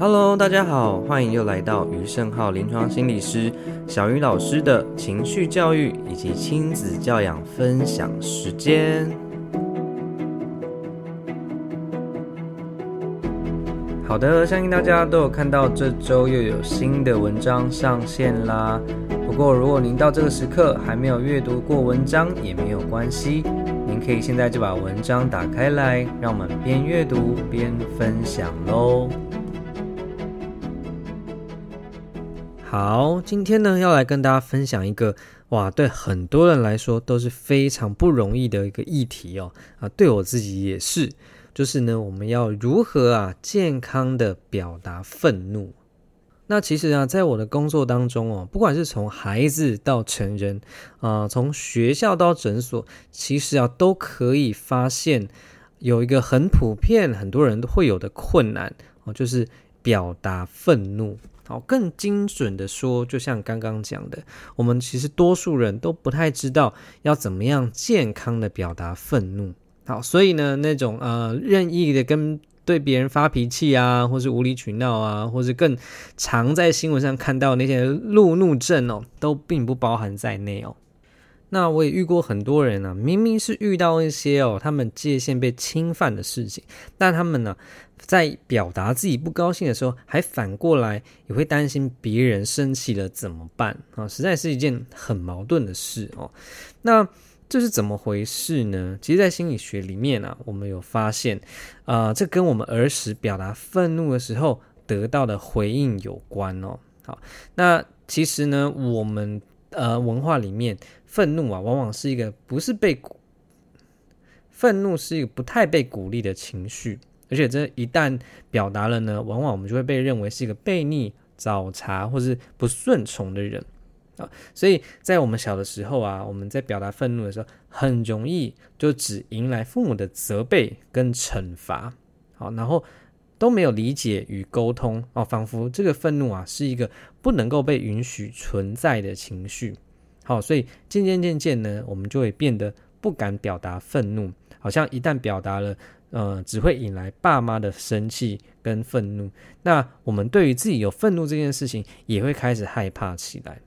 Hello，大家好，歡迎又來到余勝皓臨床心理師小魚老師的情緒教育以及親子教養分享時間。好的，相信大家都有看到這周又有新的文章上線啦。不過，如果您到這個時刻還沒有閱讀過文章，也沒有關係，您可以現在就把文章打開來，讓我們邊閱讀邊分享嘍。好，今天呢，要來跟大家分享一個哇，對很多人來說都是非常不容易的一個議題哦啊，對我自己也是，就是呢，我們要如何啊健康的表達憤怒。那其實啊，在我的工作當中哦，不管是從孩子到成人啊，從學校到診所，其實啊都可以發現有一個很普遍、很多人都會有的困難哦，就是表達憤怒。好，更精準的說，就像剛剛講的，我們其實多數人都不太知道要怎麼樣健康的表達憤怒。好，所以呢，那種呃任意的跟對別人發脾氣啊，或是無理取鬧啊，或是更常在新聞上看到那些路怒症哦，都並不包含在內哦。那我也遇過很多人呢、啊，明明是遇到一些哦，他們界限被侵犯的事情，但他們呢，在表達自己不高興的時候，還反過來也會擔心別人生氣了怎麼辦啊？實在是一件很矛盾的事哦。那這是怎麼回事呢？其實，在心理學裡面呢、啊，我們有發現，啊、呃，這跟我們兒時表達憤怒的時候得到的回應有關哦。好，那其實呢，我們。呃，文化裡面，憤怒啊，往往是一個不是被，憤怒是一個不太被鼓勵的情緒，而且這一旦表達了呢，往往我們就會被認為是一個悖逆、找茬或是不順從的人啊。所以在我們小的時候啊，我們在表達憤怒的時候，很容易就只迎來父母的責備跟懲罰。好，然後。都沒有理解與溝通哦，仿佛這個憤怒啊是一個不能夠被允許存在的情緒。好、哦，所以漸漸漸漸呢，我們就會變得不敢表達憤怒，好像一旦表達了，呃，只會引來爸媽的生氣跟憤怒。那我們對於自己有憤怒這件事情，也會開始害怕起來。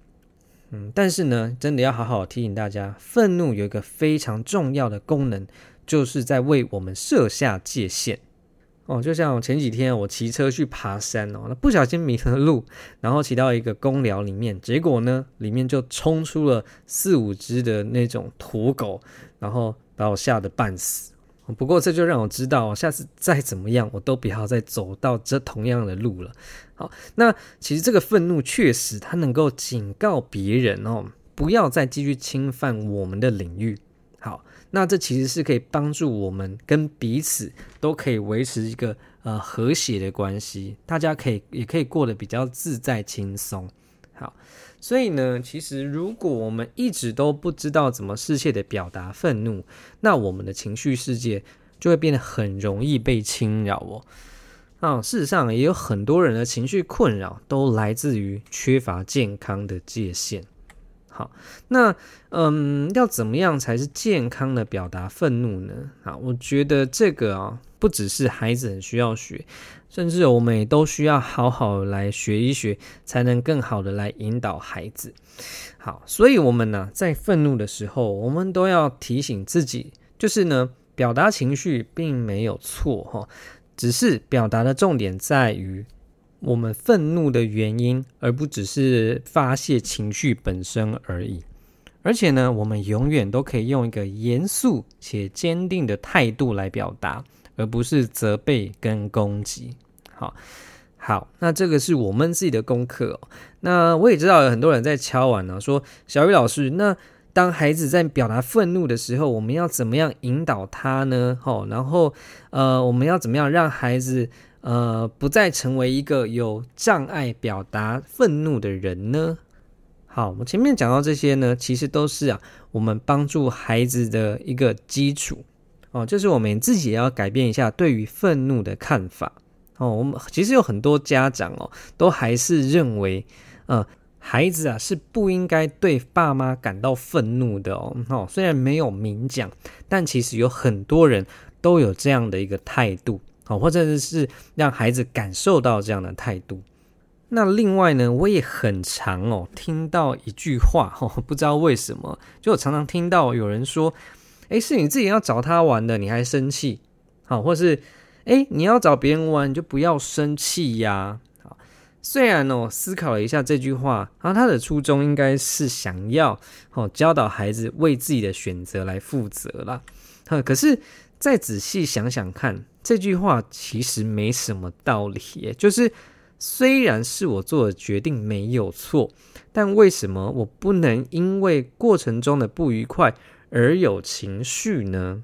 嗯，但是呢，真的要好好提醒大家，憤怒有一個非常重要的功能，就是在為我們設下界限。哦，就像前幾天我騎車去爬山哦、喔，那不小心迷了路，然後騎到一個公寮裡面，結果呢，裡面就衝出了四五隻的那種土狗，然後把我嚇得半死。不過這就讓我知道，下次再怎麼樣，我都不要再走到這同樣的路了。好，那其實這個憤怒確實它能夠警告別人哦、喔，不要再繼續侵犯我們的領域。好。那這其實是可以幫助我們跟彼此都可以維持一個呃和諧的關係，大家可以也可以過得比較自在輕鬆。好，所以呢，其實如果我們一直都不知道怎麼適切的表達憤怒，那我們的情緒世界就會變得很容易被侵擾哦。啊、哦，事實上也有很多人的情緒困擾都來自於缺乏健康的界限。好，那嗯，要怎麼樣才是健康的表達憤怒呢？啊，我覺得這個啊，不只是孩子很需要學，甚至我們也都需要好好的來學一學，才能更好的來引導孩子。好，所以，我們呢，啊，在憤怒的時候，我們都要提醒自己，就是呢，表達情緒並沒有錯，哈，只是表達的重點在於。我們憤怒的原因，而不只是發洩情緒本身而已。而且呢，我們永遠都可以用一個嚴肅且堅定的態度來表達，而不是責備跟攻擊。好，好，那這個是我們自己的功課哦。那我也知道有很多人在敲碗呢啊，說小魚老師，那當孩子在表達憤怒的時候，我們要怎麼樣引導他呢？吼，然後呃，我們要怎麼樣讓孩子？呃，不再成為一個有障礙表達憤怒的人呢？好，我前面講到這些呢，其實都是啊，我們幫助孩子的一個基礎哦，就是我們自己也要改變一下對於憤怒的看法哦。我們其實有很多家長哦，都還是認為，嗯、呃，孩子啊是不應該對爸媽感到憤怒的哦。嗯、哦，雖然沒有明講，但其實有很多人都有這樣的一個態度。哦，或者是讓孩子感受到這樣的態度。那另外呢，我也很常哦聽到一句話哦，不知道為什麼，就我常常聽到有人說：“誒，是你自己要找他玩的，你還生氣？”好、哦，或是“誒，你要找別人玩，你就不要生氣呀、啊。”雖然呢、哦，我思考了一下這句話，然後他的初衷應該是想要哦教導孩子為自己的選擇來負責啦。可是。再仔細想想看，這句話其實沒什麼道理。就是雖然是我做的決定沒有錯，但為什麼我不能因為過程中的不愉快而有情緒呢？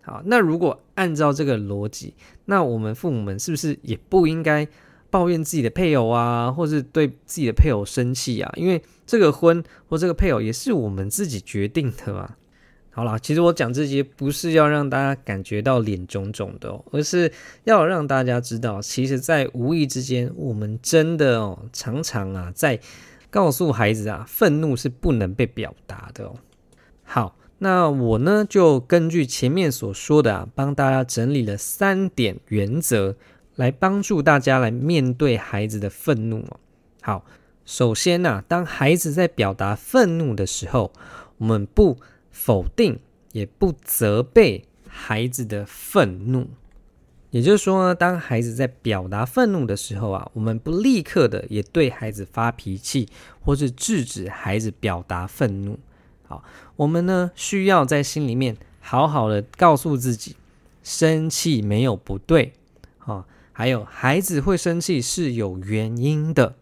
好，那如果按照這個邏輯，那我們父母們是不是也不應該抱怨自己的配偶啊，或是對自己的配偶生氣啊？因為這個婚或這個配偶也是我們自己決定的嘛、啊。好啦，其實我講這些不是要讓大家感覺到臉腫腫的哦，而是要讓大家知道，其實，在無意之間，我們真的哦，常常啊，在告訴孩子啊，憤怒是不能被表達的哦。好，那我呢，就根據前面所說的啊，幫大家整理了三點原則，來幫助大家來面對孩子的憤怒哦。好，首先啊，當孩子在表達憤怒的時候，我們不否定，也不責備孩子的憤怒。也就是說呢，當孩子在表達憤怒的時候啊，我們不立刻的也對孩子發脾氣，或是制止孩子表達憤怒。好，我們呢，需要在心裡面好好的告訴自己，生氣沒有不對，啊，還有孩子會生氣是有原因的，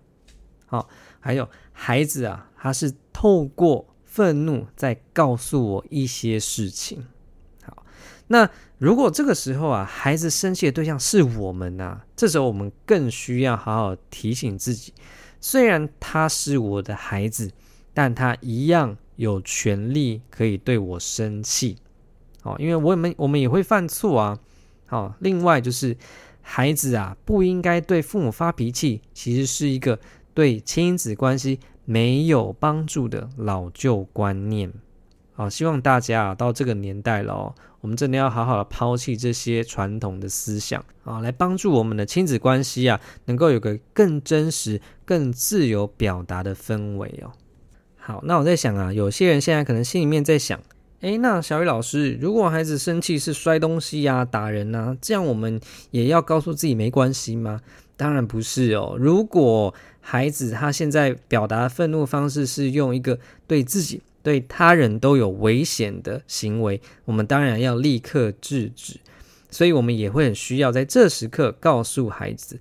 好，還有孩子啊，他是透過憤怒在告訴我一些事情。好，那如果這個時候啊，孩子生氣的對象是我們呢，啊？這時候我們更需要好好提醒自己，雖然他是我的孩子，但他一樣有權利可以對我生氣。好，因為我們我們也會犯錯啊。好，另外就是孩子啊，不應該對父母發脾氣，其實是一個對親子關係。沒有幫助的老舊觀念，哦、希望大家啊到這個年代了哦，我們真的要好好的拋棄這些傳統的思想啊、哦，來幫助我們的親子關係啊，能夠有個更真實、更自由表達的氛圍哦。好，那我在想啊，有些人現在可能心裡面在想，哎，那小魚老師，如果孩子生氣是摔東西呀、啊、打人吶、啊，這樣我們也要告訴自己沒關係嗎？當然不是哦。如果孩子他現在表達憤怒的方式是用一個對自己、對他人都有危險的行為，我們當然要立刻制止。所以，我們也會很需要在這時刻告訴孩子：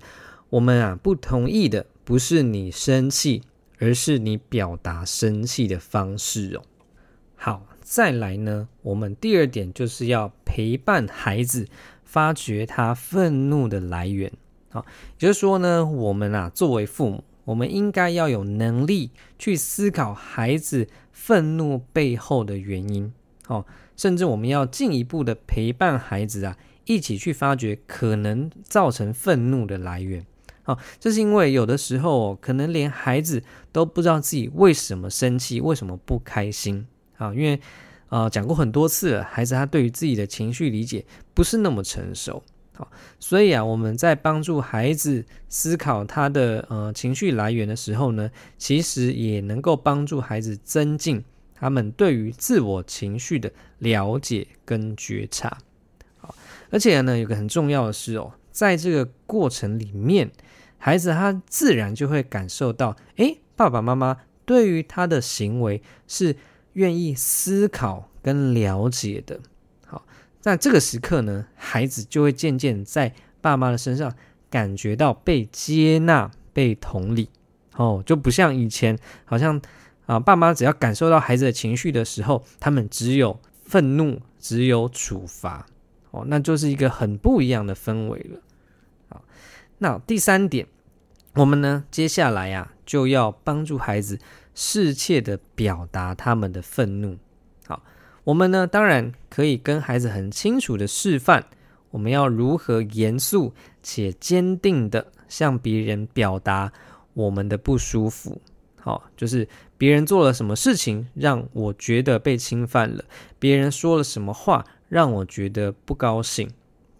我們啊，不同意的不是你生氣，而是你表達生氣的方式哦。好，再來呢，我們第二點就是要陪伴孩子發掘他憤怒的來源。也就是說呢，我們啊，作為父母，我們應該要有能力去思考孩子憤怒背後的原因哦，甚至我們要進一步的陪伴孩子啊，一起去發掘可能造成憤怒的來源。哦，這是因為有的時候可能連孩子都不知道自己為什麼生氣，為什麼不開心啊？哦，因為呃，講過很多次了，孩子他對於自己的情緒理解不是那麼成熟。好，所以啊，我們在幫助孩子思考他的呃情緒來源的時候呢，其實也能夠幫助孩子增進他們對於自我情緒的了解跟覺察。好，而且呢，有個很重要的是哦，在這個過程裡面，孩子他自然就會感受到，誒，爸爸媽媽對於他的行為是願意思考跟了解的。那這個時刻呢，孩子就會漸漸在爸媽的身上感覺到被接納、被同理，哦，就不像以前，好像啊，爸媽只要感受到孩子的情緒的時候，他們只有憤怒、只有處罰，哦，那就是一個很不一樣的氛圍了。好，那第三點，我們呢，接下來呀、啊，就要幫助孩子適切的表達他們的憤怒。我們呢，當然可以跟孩子很清楚的示範，我們要如何嚴肅且堅定的向別人表達我們的不舒服。好，就是別人做了什麼事情讓我覺得被侵犯了，別人說了什麼話讓我覺得不高興。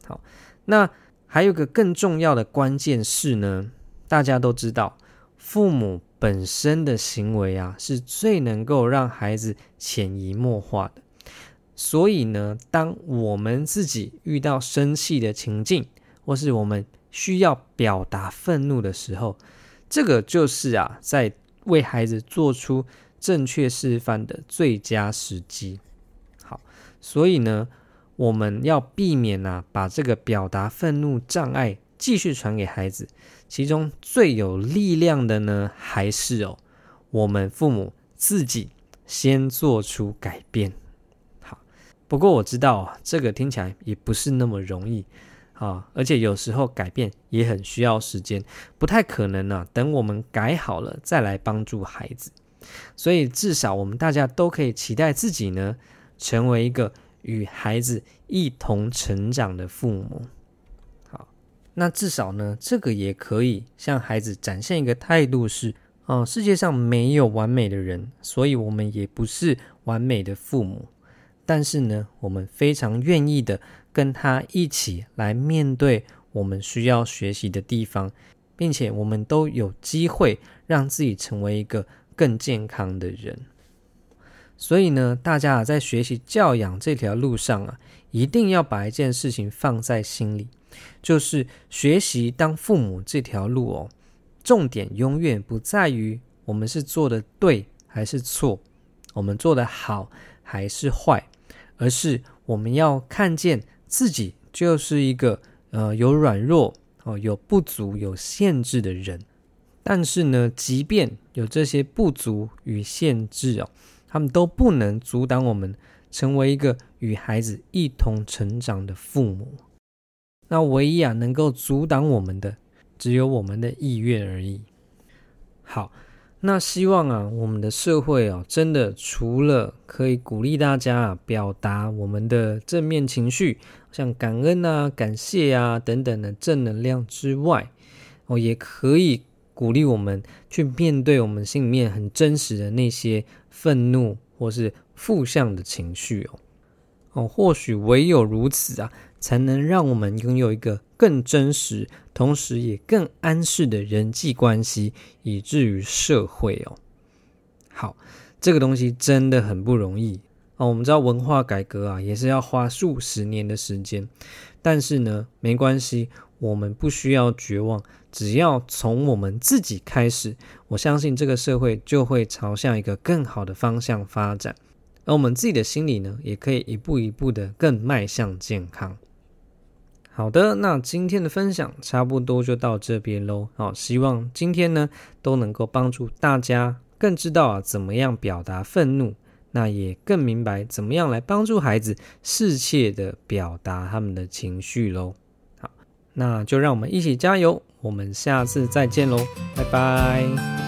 好，那還有個更重要的關鍵是呢，大家都知道，父母本身的行為啊，是最能夠讓孩子潛移默化的。所以呢，當我們自己遇到生氣的情境，或是我們需要表達憤怒的時候，這個就是啊，在為孩子做出正確示範的最佳時機。好，所以呢，我們要避免呐、啊，把這個表達憤怒障礙繼續傳給孩子。其中最有力量的呢，還是哦，我們父母自己先做出改變。不過我知道啊，這個聽起來也不是那麼容易啊，而且有時候改變也很需要時間，不太可能啊，等我們改好了再來幫助孩子，所以至少我們大家都可以期待自己呢，成為一個與孩子一同成長的父母。好，那至少呢，這個也可以向孩子展現一個態度是：啊，世界上沒有完美的人，所以我們也不是完美的父母。但是呢，我們非常願意的跟他一起來面對我們需要學習的地方，並且我們都有機會讓自己成為一個更健康的人。所以呢，大家在學習教養這條路上啊，一定要把一件事情放在心裡，就是學習當父母這條路哦，重點永遠不在於我們是做的對還是錯，我們做的好還是壞。而是我們要看見自己就是一個呃有軟弱哦，有不足、有限制的人，但是呢，即便有這些不足與限制哦，他們都不能阻擋我們成為一個與孩子一同成長的父母。那唯一啊能夠阻擋我們的，只有我們的意願而已。好。那希望啊，我們的社會啊，真的除了可以鼓勵大家啊，表達我們的正面情緒，像感恩啊、感謝啊等等的正能量之外，哦，也可以鼓勵我們去面對我們心裡面很真實的那些憤怒或是負向的情緒哦，哦，或許唯有如此啊。才能讓我們擁有一個更真實，同時也更安適的人際關係，以至於社會哦。好，這個東西真的很不容易哦。我們知道文化改革啊，也是要花數十年的時間。但是呢，沒關係，我們不需要絕望。只要從我們自己開始，我相信這個社會就會朝向一個更好的方向發展。而我們自己的心理呢，也可以一步一步的更邁向健康。好的，那今天的分享差不多就到這邊嘍。好，希望今天呢都能夠幫助大家更知道啊，怎麼樣表達憤怒，那也更明白怎麼樣來幫助孩子適切地表達他們的情緒嘍。好，那就讓我們一起加油，我們下次再見嘍，拜拜。